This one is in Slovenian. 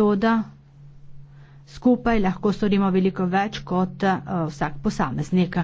metoda, skupaj lahko storimo veliko več kot eh, vsak posameznik.